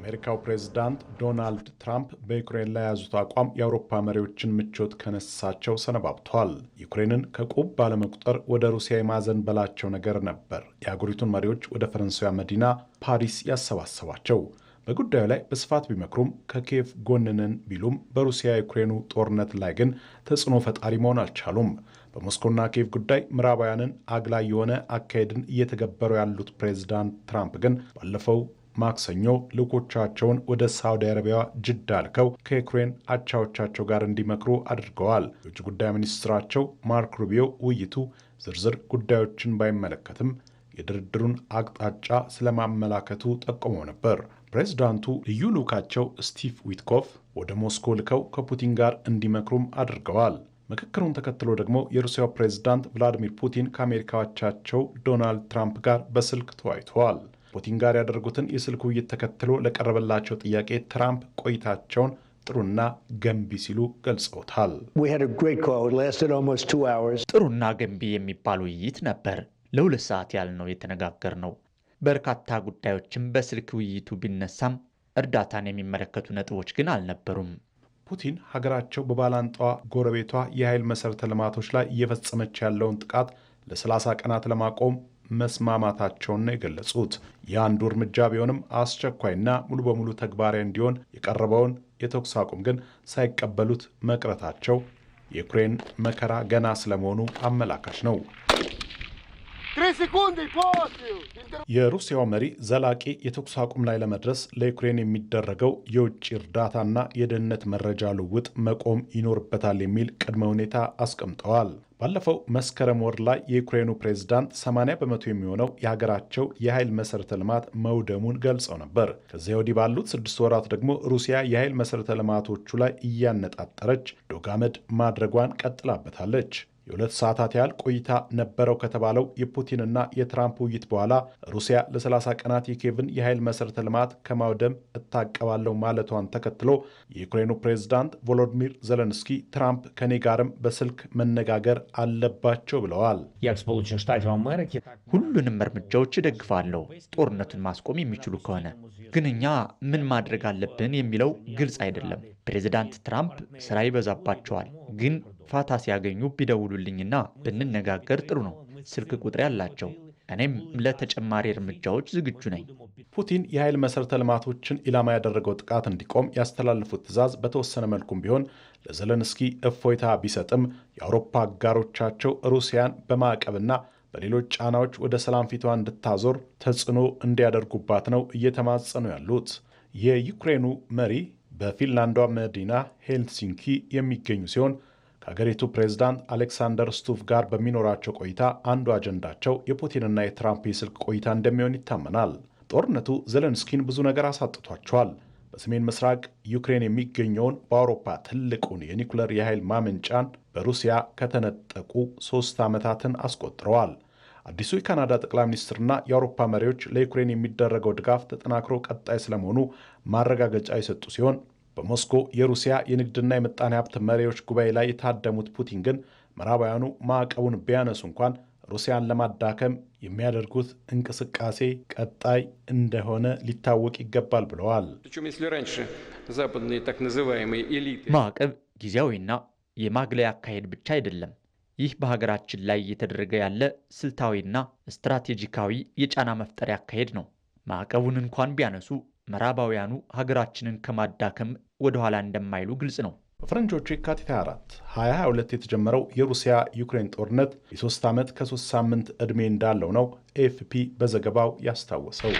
የአሜሪካው ፕሬዝዳንት ዶናልድ ትራምፕ በዩክሬን ላይ የያዙት አቋም የአውሮፓ መሪዎችን ምቾት ከነሳቸው ሰነባብቷል። ዩክሬንን ከቁብ ባለመቁጠር ወደ ሩሲያ የማዘን በላቸው ነገር ነበር የአገሪቱን መሪዎች ወደ ፈረንሳዊ መዲና ፓሪስ ያሰባሰባቸው። በጉዳዩ ላይ በስፋት ቢመክሩም ከኪየቭ ጎንንን ቢሉም በሩሲያ ዩክሬኑ ጦርነት ላይ ግን ተጽዕኖ ፈጣሪ መሆን አልቻሉም። በሞስኮና ኪየቭ ጉዳይ ምዕራባውያንን አግላይ የሆነ አካሄድን እየተገበሩ ያሉት ፕሬዝዳንት ትራምፕ ግን ባለፈው ማክሰኞ ልኮቻቸውን ወደ ሳውዲ አረቢያ ጅዳ ልከው ከዩክሬን አቻዎቻቸው ጋር እንዲመክሩ አድርገዋል። የውጭ ጉዳይ ሚኒስትራቸው ማርክ ሩቢዮ ውይይቱ ዝርዝር ጉዳዮችን ባይመለከትም የድርድሩን አቅጣጫ ስለማመላከቱ ጠቁሞ ነበር። ፕሬዚዳንቱ ልዩ ልዑካቸው ስቲቭ ዊትኮፍ ወደ ሞስኮ ልከው ከፑቲን ጋር እንዲመክሩም አድርገዋል። ምክክሩን ተከትሎ ደግሞ የሩሲያው ፕሬዝዳንት ቭላዲሚር ፑቲን ከአሜሪካዎቻቸው ዶናልድ ትራምፕ ጋር በስልክ ተወያይተዋል። ፑቲን ጋር ያደረጉትን የስልክ ውይይት ተከትሎ ለቀረበላቸው ጥያቄ ትራምፕ ቆይታቸውን ጥሩና ገንቢ ሲሉ ገልጸውታል። ጥሩና ገንቢ የሚባል ውይይት ነበር። ለሁለት ሰዓት ያህል ነው የተነጋገር ነው። በርካታ ጉዳዮችም በስልክ ውይይቱ ቢነሳም እርዳታን የሚመለከቱ ነጥቦች ግን አልነበሩም። ፑቲን ሀገራቸው በባላንጣዋ ጎረቤቷ የኃይል መሠረተ ልማቶች ላይ እየፈጸመች ያለውን ጥቃት ለ30 ቀናት ለማቆም መስማማታቸውን ነው የገለጹት። የአንዱ እርምጃ ቢሆንም አስቸኳይና ሙሉ በሙሉ ተግባራዊ እንዲሆን የቀረበውን የተኩስ አቁም ግን ሳይቀበሉት መቅረታቸው የዩክሬን መከራ ገና ስለመሆኑ አመላካች ነው። E የሩሲያው መሪ ዘላቂ የተኩስ አቁም ላይ ለመድረስ ለዩክሬን የሚደረገው የውጭ እርዳታና የደህንነት መረጃ ልውውጥ መቆም ይኖርበታል የሚል ቅድመ ሁኔታ አስቀምጠዋል። ባለፈው መስከረም ወር ላይ የዩክሬኑ ፕሬዝዳንት 80 በመቶ የሚሆነው የሀገራቸው የኃይል መሠረተ ልማት መውደሙን ገልጸው ነበር። ከዚያ ወዲህ ባሉት ስድስት ወራት ደግሞ ሩሲያ የኃይል መሠረተ ልማቶቹ ላይ እያነጣጠረች ዶጋመድ ማድረጓን ቀጥላበታለች። የሁለት ሰዓታት ያህል ቆይታ ነበረው ከተባለው የፑቲንና የትራምፕ ውይይት በኋላ ሩሲያ ለ30 ቀናት የኬቭን የኃይል መሠረተ ልማት ከማውደም እታቀባለሁ ማለቷን ተከትሎ የዩክሬኑ ፕሬዝዳንት ቮሎዲሚር ዘለንስኪ ትራምፕ ከኔ ጋርም በስልክ መነጋገር አለባቸው ብለዋል። ሁሉንም እርምጃዎች እደግፋለሁ ጦርነቱን ማስቆም የሚችሉ ከሆነ ግን እኛ ምን ማድረግ አለብን የሚለው ግልጽ አይደለም። ፕሬዚዳንት ትራምፕ ስራ ይበዛባቸዋል። ግን ፋታ ሲያገኙ ቢደውሉልኝና ብንነጋገር ጥሩ ነው። ስልክ ቁጥር ያላቸው እኔም ለተጨማሪ እርምጃዎች ዝግጁ ነኝ። ፑቲን የኃይል መሠረተ ልማቶችን ኢላማ ያደረገው ጥቃት እንዲቆም ያስተላለፉት ትዕዛዝ በተወሰነ መልኩም ቢሆን ለዘለንስኪ እፎይታ ቢሰጥም የአውሮፓ አጋሮቻቸው ሩሲያን በማዕቀብና በሌሎች ጫናዎች ወደ ሰላም ፊቷ እንድታዞር ተጽዕኖ እንዲያደርጉባት ነው እየተማጸኑ ያሉት። የዩክሬኑ መሪ በፊንላንዷ መዲና ሄልሲንኪ የሚገኙ ሲሆን ከአገሪቱ ፕሬዝዳንት አሌክሳንደር ስቱቭ ጋር በሚኖራቸው ቆይታ አንዱ አጀንዳቸው የፑቲንና የትራምፕ የስልክ ቆይታ እንደሚሆን ይታመናል። ጦርነቱ ዘለንስኪን ብዙ ነገር አሳጥቷቸዋል። በሰሜን ምስራቅ ዩክሬን የሚገኘውን በአውሮፓ ትልቁን የኒኩለር የኃይል ማመንጫን በሩሲያ ከተነጠቁ ሦስት ዓመታትን አስቆጥረዋል። አዲሱ የካናዳ ጠቅላይ ሚኒስትርና የአውሮፓ መሪዎች ለዩክሬን የሚደረገው ድጋፍ ተጠናክሮ ቀጣይ ስለመሆኑ ማረጋገጫ የሰጡ ሲሆን በሞስኮ የሩሲያ የንግድና የምጣኔ ሀብት መሪዎች ጉባኤ ላይ የታደሙት ፑቲን ግን ምዕራባውያኑ ማዕቀቡን ቢያነሱ እንኳን ሩሲያን ለማዳከም የሚያደርጉት እንቅስቃሴ ቀጣይ እንደሆነ ሊታወቅ ይገባል ብለዋል። ማዕቀብ ጊዜያዊና የማግለያ አካሄድ ብቻ አይደለም። ይህ በሀገራችን ላይ እየተደረገ ያለ ስልታዊና ስትራቴጂካዊ የጫና መፍጠሪያ አካሄድ ነው። ማዕቀቡን እንኳን ቢያነሱ ምዕራባውያኑ ሀገራችንን ከማዳከም ወደኋላ እንደማይሉ ግልጽ ነው። በፈረንጆቹ የካቲት 24 2022 የተጀመረው የሩሲያ ዩክሬን ጦርነት የሶስት ዓመት ከሶስት ሳምንት ዕድሜ እንዳለው ነው ኤፍፒ በዘገባው ያስታወሰው።